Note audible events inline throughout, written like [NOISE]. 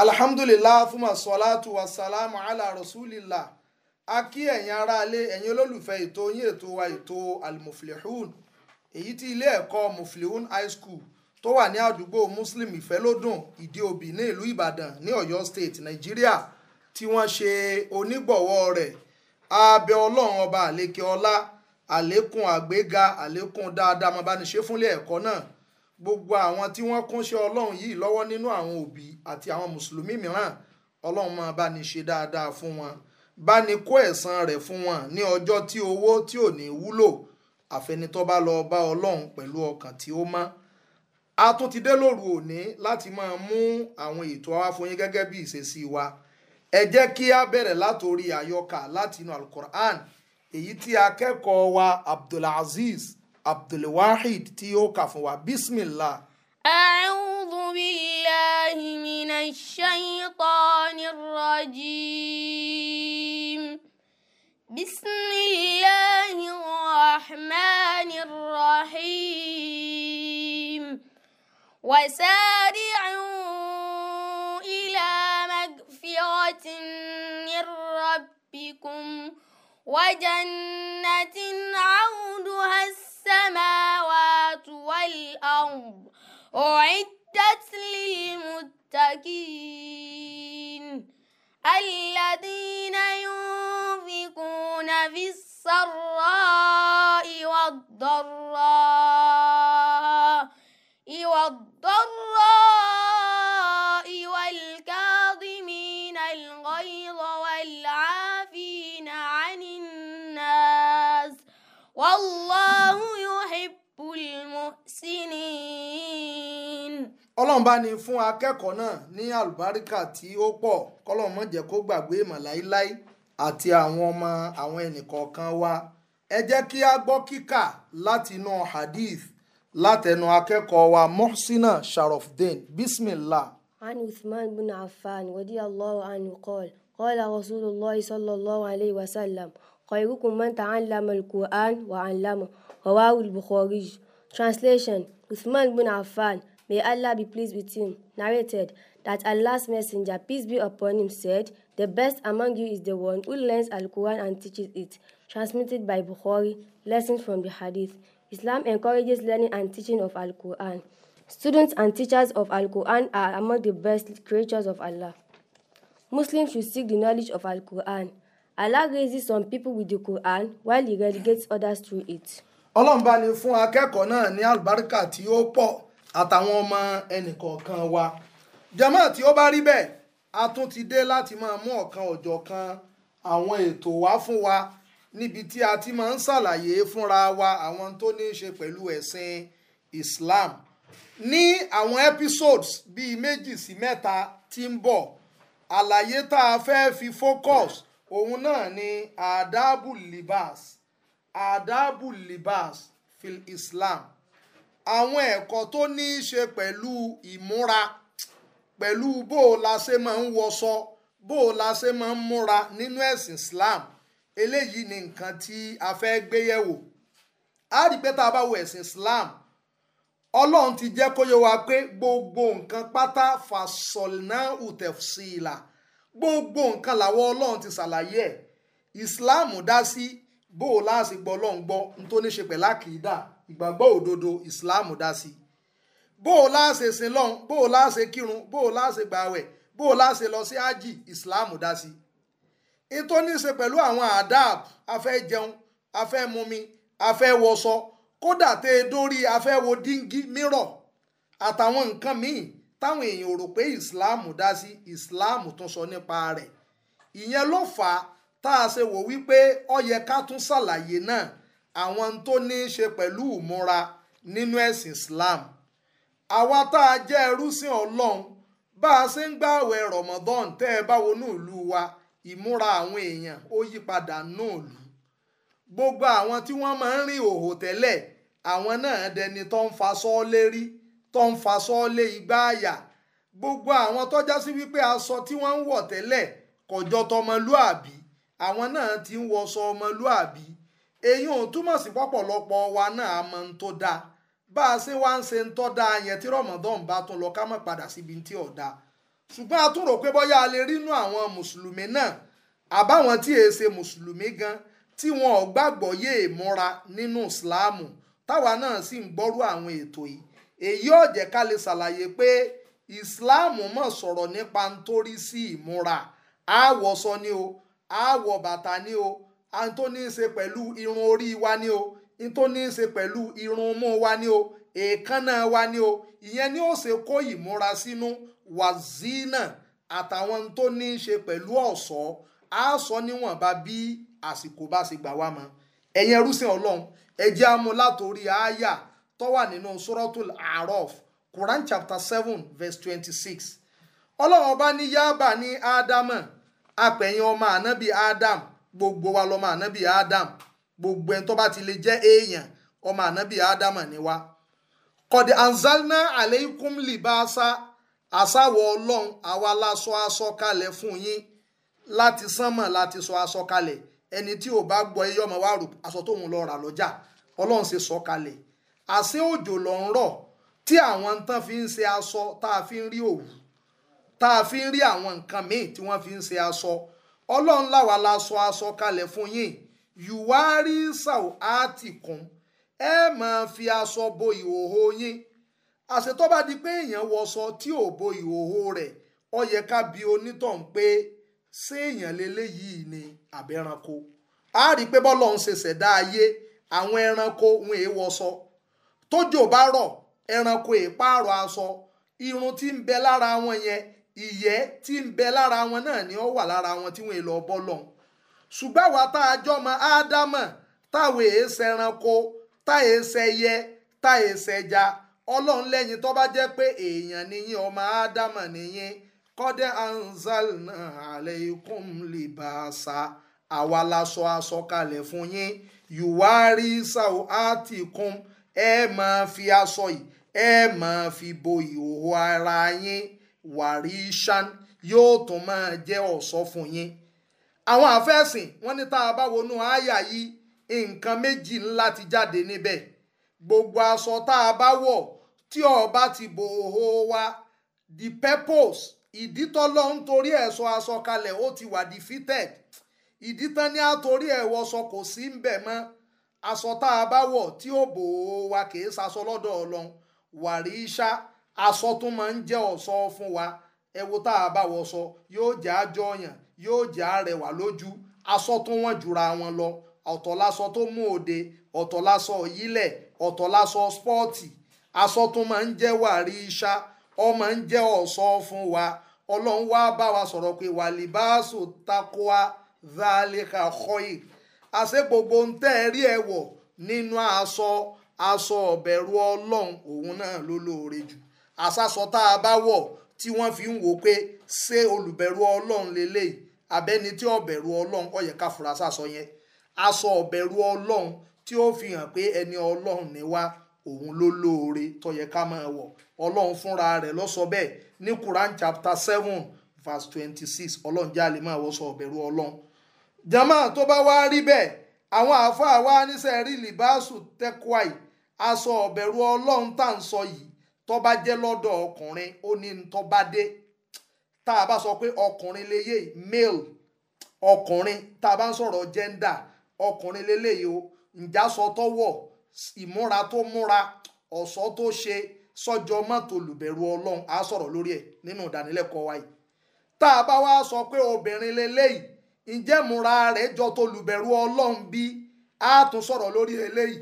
alhamdulillah fúnma sọláàtù wasalaamu ala rasulillah a kí ẹ̀yin aráalé ẹ̀yin olólùfẹ́ ètò yín ètò wa ètò almuflihun èyí tí ilé ẹ̀kọ́ muflihun high school tó wà ní àdúgbò muslim ìfẹ́lódùn ìdí òbí ní ìlú ìbàdàn ní ọ̀yọ́ state nàìjíríà tí wọ́n ṣe onígbọ̀wọ́ rẹ̀ abẹ ọlọ́run ọba àlékè ọlá àlékún àgbéga àlékún dáadáa mọ́bániṣe fúnlé ẹ̀kọ́ náà gbogbo àwọn tí wọ́n kúnṣẹ́ ọlọ́run yìí lọ́wọ́ nínú àwọn òbí àti àwọn mùsùlùmí mìíràn ọlọ́run máa bá ní ṣe dáadáa fún wọn bá ní kó ẹ̀san rẹ̀ fún wọn ní ọjọ́ tí owó tí ò ní wúlò àfẹnitọ́ bá lọ bá ọlọ́run pẹ̀lú ọkàn tí ó mọ́ a tún ti dé lóru òní láti máa mú àwọn ètò wa gẹ́gẹ́ bí ìṣesí wa ẹ jẹ́ kí a bẹ̀rẹ̀ látòrí àyọkà látinú alukur'an èyí tí akẹ́kọ̀ọ́ wa abdulaziz عبد الواحد تيو كافوا بسم الله أعوذ بالله من الشيطان الرجيم بسم الله الرحمن الرحيم وسارعوا إلى مغفرة من ربكم وجنة الأرض أعدت للمتقين الذين ينفقون في السراء والضراء والضراء والكاظمين الغيظ والعافين عن الناس والله ọlọ́run bá ní fún akẹ́kọ̀ọ́ náà ní àlùbáríkà tí ó pọ̀ kọ́lọ́run má jẹ́ kó gbàgbé ìmọ̀ láíláí àti àwọn ọmọ àwọn ẹnìkọ̀ọ̀kan wa ẹ jẹ́ kí a gbọ́ kíkà látinú hadith látẹnu akẹ́kọ̀ọ́ wa mohsina sharofdin bismillah. an uthman bin affan radiyallahu anhu qala qala rasulullah sallallahu alayhi wa sallam khayrukum man ta'allama al wa 'allama rawahu al-bukhari translation uthman bin affan may Allah be pleased with him, narrated that Allah's messenger, peace be upon him, said, The best among you is the one who learns Al-Quran and teaches it, transmitted by Bukhari, lessons from the Hadith. Islam encourages learning and teaching of Al-Quran. Students and teachers of Al-Quran are among the best creatures of Allah. Muslims should seek the knowledge of Al-Quran. Allah raises some people with the Quran while he relegates others through it. Ọlọ́run bá ní fún akẹ́kọ̀ọ́ náà ní àlùbáríkà tí ó pọ̀ àtàwọn ọmọ ẹnìkọ̀ọ̀kan wa jama tí ó bá rí bẹ́ẹ̀ a tún ti dé láti máa mú ọ̀kan ọ̀jọ̀kan àwọn ètò wá fún wa níbi tí a ti máa ń ṣàlàyé fúnra wa àwọn tó ní í ṣe pẹ̀lú ẹ̀sìn Islam ní àwọn episodes bíi méjì sí mẹ́ta tí ń bọ̀ àlàyé tá a fẹ́ fi focus òun náà ni adabu libas adabu libas fil Islam àwọn ẹ̀kọ́ tó ní í ṣe pẹ̀lú ìmúra pẹ̀lú bó o la ṣe máa ń wọṣọ bó o la ṣe máa ń múra nínú ẹ̀sìn Islam eléyìí ni nǹkan tí a fẹ́ gbé yẹ̀wò a rí pé tá a bá wo ẹ̀sìn Islam ọlọ́run ti jẹ́ kó yé wa pé gbogbo nǹkan pátá fasolna utefsila gbogbo nǹkan làwọn ọlọ́run ti ṣàlàyé ẹ̀ Islam dá sí bó o láàṣì gbọ́ ọlọ́run gbọ́ n tó ní ṣe pẹ̀lú ìgbàgbọ́ òdodo islam dá sí bó o láṣe sin lọ́hún bó o láṣe kírun bó o láṣe gbàwẹ̀ bó o láṣe lọ sí ájì islam dá sí ètò ní í ṣe pẹ̀lú àwọn adab afẹ́ jẹun afẹ́ mumi afẹ́ wọṣọ kódà tẹ dórí afẹ́ wo díngí mírọ̀ àtàwọn nǹkan míì táwọn èèyàn rò pé islam dá sí islam tún sọ nípa rẹ̀ ìyẹn ló fà á tá a ṣe wò wípé ó yẹ ká tún ṣàlàyé náà àwọn tó ní í ṣe pẹ̀lú ìmúra nínú ẹ̀sìn Islam àwa tá a jẹ́ ẹrúsìn Ọlọ́run bá a ṣe ń gbààwẹ̀ Ramadan tẹ́ ẹ bá wọnú ìlú wa ìmúra àwọn èèyàn ó yí padà náà lù gbogbo àwọn tí wọ́n máa ń rìn òhò tẹ́lẹ̀ àwọn náà dẹni tó ń faṣọ lérí tó ń faṣọ lé igbá àyà gbogbo àwọn tọ́já sí wípé aṣọ tí wọ́n ń wọ̀ tẹ́lẹ̀ kọjọ́ tọmọlúàbí àwọn náà ti ń wọṣọ ọmọlúàbí èyí ò túmọ̀ sí pọ̀pọ̀lọpọ̀ wa náà a mọ ń tó dáa bá a ṣe wá ń ṣe ń tọ́ dáa yẹn tí rọ̀mọ́dọ́n bá tún lọ ká mọ̀ padà síbi tí ò dáa ṣùgbọ́n a tún rò pé bọ́yá a lè rínú àwọn mùsùlùmí náà àbáwọn tí èé ṣe mùsùlùmí gan tí wọn ò gbàgbọ́ yé ìmúra nínú ìsìláàmù táwa náà sì ń gbọ́rú àwọn ètò yìí èyí ò jẹ́ ká lè ṣàlàyé pé ìsìláàmù mọ̀ sọ̀rọ̀ nípa ń torí sí ìmúra àwọ̀sọ ni o àwọ̀ bàtà ni o àwọn tó ní í ṣe pẹ̀lú irun orí wa ni o àwọn tó ní í ṣe pẹ̀lú irun mú wa ni o èékánná wa ni o ìyẹn ni ó ṣe kó ìmúra sínú wàzínà àtàwọn tó ní í ṣe pẹ̀lú ọ̀ṣọ́ á sọ níwọ̀nba bí àsìkò bá ṣe gbà wá mọ́ ẹ̀yin ẹrúsìn ọlọ́run ẹ jẹ́ látòrí àáyà tó wà nínú suratul A'raf Quran chapter seven verse twenty-six ọlọ́run ọba ní yábà ní ádámà apẹ̀yìn ọmọ ànábì ádámù gbogbo wa lọ́mọ ànábì Adam gbogbo ẹni tó bá ti lè jẹ́ èèyàn ọmọ ànábì Adam ni wa. kọ̀dé anzalna aleikum libasa asáwọ̀ ọlọ́run àwa la sọ aṣọ kalẹ̀ fún yín láti sánmọ̀ láti sọ aṣọ kalẹ̀ ẹni tí ò bá gbọ́ eyín ọmọ wa rò aṣọ tóun lọ rà lọ́jà ọlọ́run ṣe sọ kalẹ̀ àṣé òjò lọ ń rọ̀ tí àwọn tán fi ń ṣe aṣọ tá a fi ń rí òwú tá a fi ń rí àwọn nǹkan míì tí wọ́n fi ń ṣe aṣọ ọlọ́run làwa la sọ aṣọ kalẹ̀ fún yín yùwárí sàù àtìkún ẹ máa fi aṣọ bo ìhòòhò yín àṣẹ tó bá di pé èèyàn wọṣọ tí ò bo ìhòhò rẹ ọ yẹ ká bi onítọ̀hún pé ṣé èèyàn leléyìí ni àbẹ̀ranko a rí i pé bọ́lọ́run ṣe ṣẹ̀dá ayé àwọn ẹranko ń èé wọṣọ tójò bá rọ̀ ẹranko èé pààrọ̀ aṣọ irun tí ń bẹ lára wọn yẹn ìyẹ́ tí ń bẹ lára wọn náà ni ó wà lára wọn tí wọ́n lọ bọ́ lọ́hùn ṣùgbọ́n àwa tá a jọ mọ ádámọ̀ táwọn èèṣẹ́ ẹranko táwọn èèṣẹ́ ẹyẹ táwọn èèṣẹ́ ẹja ọlọ́run lẹ́yìn tó bá jẹ́ pé èèyàn nìyẹn ọmọ ádámọ̀ nìyẹn kọ́dẹ́ anzalna aleikum libasa àwa la sọ aṣọ kalẹ̀ fún yín yuwari sao atikum ẹ máa fi aṣọ yìí ẹ máa fi bo ìhòòhò ara yín wàríṣán yóò tún máa jẹ́ ọ̀ṣọ́ fún yín àwọn àfẹ́sìn wọ́n ní tá a bá wọnú àyà yìí nǹkan méjì ńlá ti jáde níbẹ̀ gbogbo aṣọ tá a bá wọ̀ tí ọba ti bò ó wa the purpose ìdí tọ́lọ́ ń torí ẹ̀ sọ aṣọ kalẹ̀ ó ti wà defeated ìdí tán ní àtòrí ẹ̀ wọṣọ kò sí ń bẹ̀ mọ́ aṣọ tá a bá wọ̀ tí ó bò ó wa kì í ṣaṣọ lọ́dọ̀ ọlọ́run wàríṣá asọ tó máa ń jẹ́ ọ̀ṣọ́ fún wa ẹ wo tá a bá wọ sọ yóò jẹ́ àjọ yàn yóò jẹ́ àrẹwà lójú asọ tó wọ́n jura wọn lọ ọ̀tọ̀ láṣọ tó mú òde ọ̀tọ̀ láṣọ ìyílẹ̀ ọ̀tọ̀ láṣọ spọ́ọ̀tì asọ tó máa ń jẹ́ wàrí iṣá ọ ń jẹ́ ọ̀ṣọ́ wa ọlọ́run wá wa sọ̀rọ̀ pé takoa zalika khoi àṣẹ gbogbo ń tẹ́ ẹ rí ẹ̀wọ̀ nínú ọ̀bẹ̀rù àsásọ tá a bá wọ̀ tí wọ́n fi ń wò pé ṣé olùbẹ̀rù ọlọ́run lélẹ́yìí abẹ́ni tí ọ̀bẹ̀rù ọlọ́run ó yẹ ká fura sásọ yẹn aṣọ ọ̀bẹ̀rù ọlọ́run tí ó fi hàn pé ẹni ọlọ́run ni wá òun ló lóore tó ká máa wọ̀ ọlọ́run fúnra rẹ̀ ló sọ ní Quran chapter seven verse twenty six ọlọ́run jáde máa wọṣọ ọ̀bẹ̀rù ọlọ́run jama tó bá wá rí bẹ́ẹ̀ àwọn àáfàá wa níṣẹ́ rí libasu tekwai aṣọ ọ̀bẹ̀rù ọlọ́run tá à ń sọ yìí tó bá jẹ́ lọ́dọ̀ ọkùnrin ó ní ní tó bá dé tá a bá sọ pé ọkùnrin léyè male ọkùnrin tá a bá ń sọ̀rọ̀ gender ọkùnrin léléyìí o ǹjásọ tó wọ̀ ìmúra tó múra ọ̀ṣọ́ tó ṣe sọ́jọ́ mọ́tò olùbẹ̀rù ọlọ́run á sọ̀rọ̀ lórí ẹ̀ nínú ìdánilẹ́kọ̀ọ́ wa yìí tá a bá wá sọ pé obìnrin léléyìí ǹjẹ́ múra rẹ̀ jọ tó olùbẹ̀rù ọlọ́run bí á tún sọ̀rọ̀ lórí eléyìí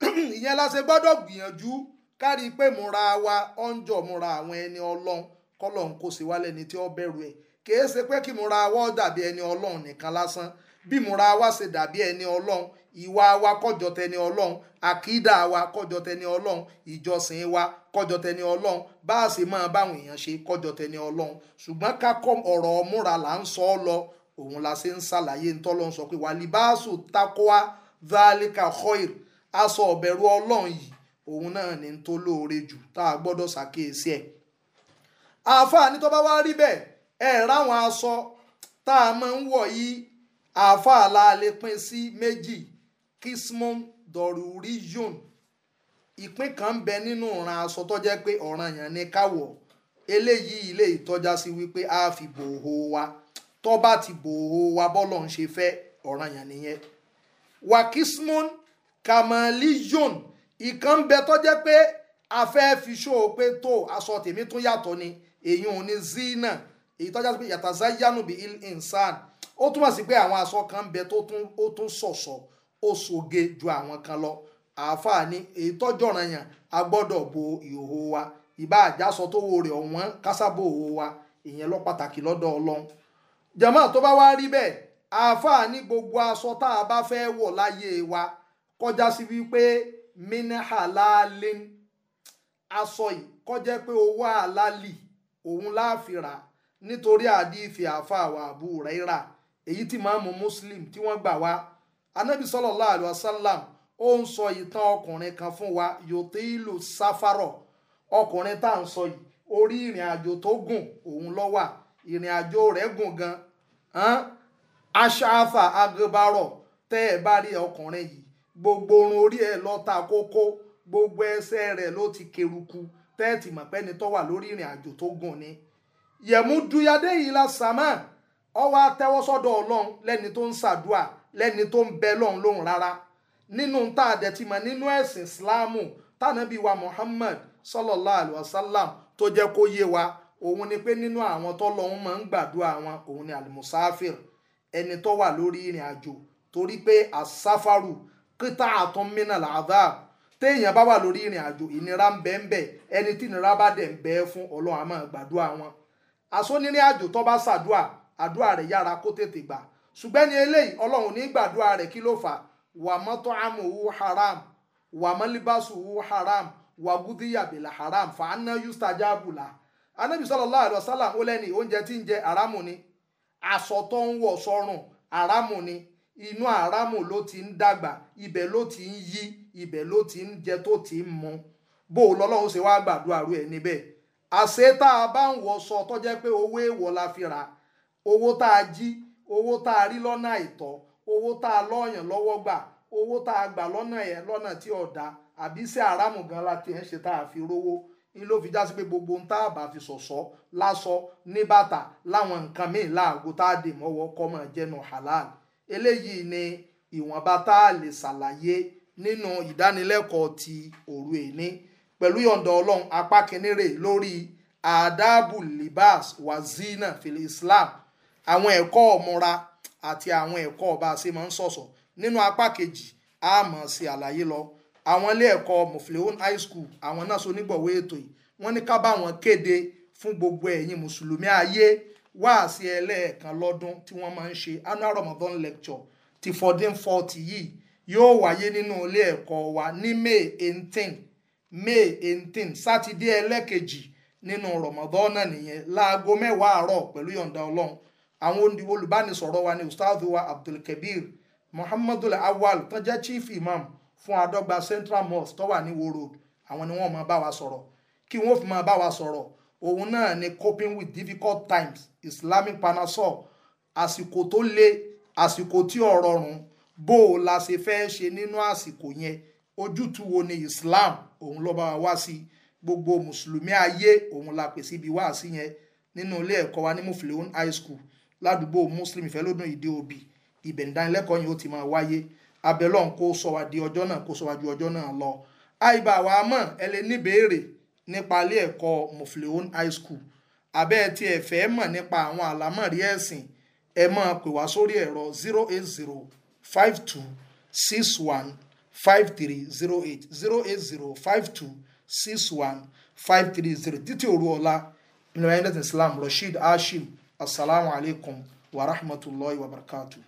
[CLEARS THROAT] ìyẹn la gbọ́dọ̀ gbìyànjú kárí pé múra wa ọ̀njọ́ múra àwọn ẹni ọlọ́run kọ́lọ́n kò sí wálẹ̀ ní tí ó bẹ̀rù ẹ̀ kìí ṣe pé kí múra wa dàbí ẹni ọlọ́run nìkan lásán bí múra wa ṣe dàbí ẹni ọlọ́run ìwà wa kọjọ tẹni ọlọ́run àkídà wa kọjọ tẹni ọlọ́run ìjọsìn wa kọjọ tẹni ọlọ́run bá a ṣe máa báwọn èèyàn ṣe kọjọ tẹni ọlọ́run ṣùgbọ́n ká ọ̀rọ̀ múra là ń sọ ọ́ lọ òun la ṣe ń ṣàlàyé ń tọ́lọ́ sọ pé wàlíbáṣù takoa dhalika khoir aṣọ ọ̀bẹ̀rù ọlọ́run yìí òun náà ni tó lóore jù tá a gbọ́dọ̀ ṣàkíyèsí ẹ̀ àáfàá ní tó bá wá rí bẹ́ẹ̀ ẹ ráwọn aṣọ tá a máa ń wọ̀ yìí àáfàá la lè pín sí méjì kismon doruriyon ìpín kan bẹ nínú ìran aṣọ tó jẹ́ pé ọ̀ranyàn ni káwọ̀. eléyìí ilé ìtọ́já sí wípé a fi bòho wa tó bá ti bòho wa bọ́lọ̀ ń ṣe fẹ́ ọ̀ranyàn nìyẹn wakismon kamaliyon ìkan bẹ tó jẹ́ pé a fẹ́ fi ṣó pé tó aṣọ tèmi tún yàtọ̀ ni èyí ò ní zina èyí tó jẹ́ pé yàtà zayanu bi il insan ó túmọ̀ sí pé àwọn aṣọ kan bẹ tó tún ó tún ṣọ̀ṣọ̀ ó ṣoge ju àwọn kan lọ àáfàá ni èyí tọ́jọ̀ràn yàn a gbọ́dọ̀ bo ìhòòhò wa ìbá àjàsọ tó wo rẹ̀ ọ̀wọ́n kásábò òhò wa ìyẹn lọ pàtàkì lọ́dọ̀ ọlọ́run jama tó bá wá rí bẹ́ẹ̀ àáfàá ní gbogbo aṣọ tá a bá fẹ́ wọ̀ láyé wa kọjá sí wípé minahalalin aṣọ yìí kọjá pé owó àlálì òun láàfìrà nítorí àdìfẹ àfàwà àbú rẹ́rà èyí tí màmú muslim tí wọ́n gbà wá anabi sallallahu alaihi wasallam ó ń sọ ìtàn ọkùnrin kan fún wa yòtílù sáfárọ̀ ọkùnrin tá à ń sọ yìí orí ìrìn àjò tó gùn òun lọ wà ìrìn àjò rẹ̀ gùn gan aṣáfà agbábárọ̀ tẹ́ ẹ bá rí ọkùnrin yìí gbogbo orun orí ẹ̀ ló ta kókó gbogbo ẹsẹ̀ rẹ̀ ló ti keruku tẹ́ẹ̀tì mọ̀pẹ́ni tó wà lórí ìrìn àjò tó gùn ni yẹ̀mú duyadé yìí la sàmà ọwọ́ atẹ́wọ́ sọ́dọ̀ ọlọ́run lẹ́ni tó ń ṣàdúà lẹ́ni tó ń bẹ lọ́run lóhùn rárá nínú tá a nínú ẹ̀sìn islamu tánàbí wa muhammad sallallahu alayhi wa sallam tó jẹ́ kó yé wa òun ni pé nínú àwọn tọ́lọ́hún máa ń gbàdúrà wọn òun ni alimusafir ẹni tó wà lórí ìrìn àjò torí pé asáfàrù as kíta àtún mìíràn làdá téèyàn bá wà lórí ìrìn àjò ìnira ń bẹ ń bẹ ẹni tí ìnira bá dẹ̀ ń bẹ fún ọlọ́run àmọ́ gbàdúrà wọn àsónírin àjò tó bá ṣàdúà àdúà rẹ̀ yára kó tètè gbà ṣùgbẹ́ ni eléyìí ọlọ́run ní gbàdúrà rẹ̀ kí ló fà wà mọ́tò àmù wù haram wà mọ́líbàṣù wù haram wà gúdíyàbìlà haram fàánà yusta anabi sallallahu alaihi wasallam ó lẹ́ni oúnjẹ tí ń jẹ haramu ni aṣọ inú àrámù ló ti ń dàgbà ibẹ̀ ló ti ń yí ibẹ̀ ló ti ń jẹ tó ti ń mu bó o lọ́lọ́run ṣe wáá gbàdúrà rú ẹ̀ níbẹ̀ àṣé tá a bá ń wọṣọ tó jẹ́ pé owó èèwọ̀ la fi rà owó tá a jí owó tá a rí lọ́nà àìtọ́ owó tá a lọ́ọ̀yàn lọ́wọ́ gbà owó tá a gbà lọ́nà ẹ̀ lọ́nà tí ò dáa àbí sí àrámù gan la ti ń ṣe tá a fi rówó ni ló fi já pé gbogbo ń tá a bá fi ṣọ̀ṣọ́ lásọ ní bàtà láwọn nǹkan míì láàgó tá a dè mọ́wọ́ kọ́ mọ́ jẹ́nu halal eléyìí ni ìwọ̀nba tá a lè ṣàlàyé nínú ìdánilẹ́kọ̀ọ́ ti òru èní pẹ̀lú yọ̀ǹda ọlọ́run apá kínní rè lórí adabu libas wazina fili islam àwọn ẹ̀kọ́ ọ̀múra àti àwọn ẹ̀kọ́ ọba ṣe máa ń ṣọ̀ṣọ̀ nínú apá kejì a máa ṣe àlàyé lọ àwọn ilé ẹ̀kọ́ mufleon high school àwọn náà so nígbọ̀wé ètò yìí wọ́n ní ká bá wọn kéde fún gbogbo ẹ̀yin mùsùlùmí ayé wáàsí ẹlẹ́ẹ̀kan lọ́dún tí wọ́n máa ń ṣe annual Ramadan lecture ti fourteen forty yìí yóò wáyé nínú ilé ẹ̀kọ́ wa ní May eighteen May eighteen sátidé ẹlẹ́kejì nínú Ramadan náà nìyẹn láago mẹ́wàá àárọ̀ pẹ̀lú yọ̀ǹda ọlọ́run àwọn olùbánisọ̀rọ̀ wa ni ustaz wa Abdulkabir Muhammadul Awal tó jẹ́ chief imam fún Adọ́gba Central Mosque tó wà ní Ìwó Road àwọn ni wọ́n máa bá wa sọ̀rọ̀ kí wọ́n fi máa bá wa sọ̀rọ̀ òun náà ni coping with difficult times islamic panasol àsìkò tó le àsìkò tí ò rọrùn bó o la ṣe fẹ́ ṣe nínú àsìkò yẹn ojútùú wo ni islam òun ló bá wa wá sí gbogbo mùsùlùmí ayé òun la pè síbi wá sí yẹn nínú ilé ẹ̀kọ́ wa ní mufleon high school ládùúgbò muslim ìfẹ́lódún ìdí òbí ibẹ̀ ìdánilẹ́kọ̀ọ́ yìí ó ti máa wáyé abẹ́lọ́n kó sọ wá di ọjọ́ náà kó sọ wá ju ọjọ́ náà lọ àìbá mọ̀ ẹ lè níbèérè nípa ilé ẹ̀kọ́ mufleon high school abẹ́ tí ẹ fẹ́ mọ̀ nípa àwọn àlámọ̀rí ẹ̀sìn ẹ máa pè wá sórí ẹ̀rọ zero eight zero five two six one five three zero eight zero eight zero five two six one five three zero títí òru ọ̀la ìlànà ẹ̀dẹ́sìn islam rasheed hashim asalaamualeykum wa rahmatulahi wa barakatuh.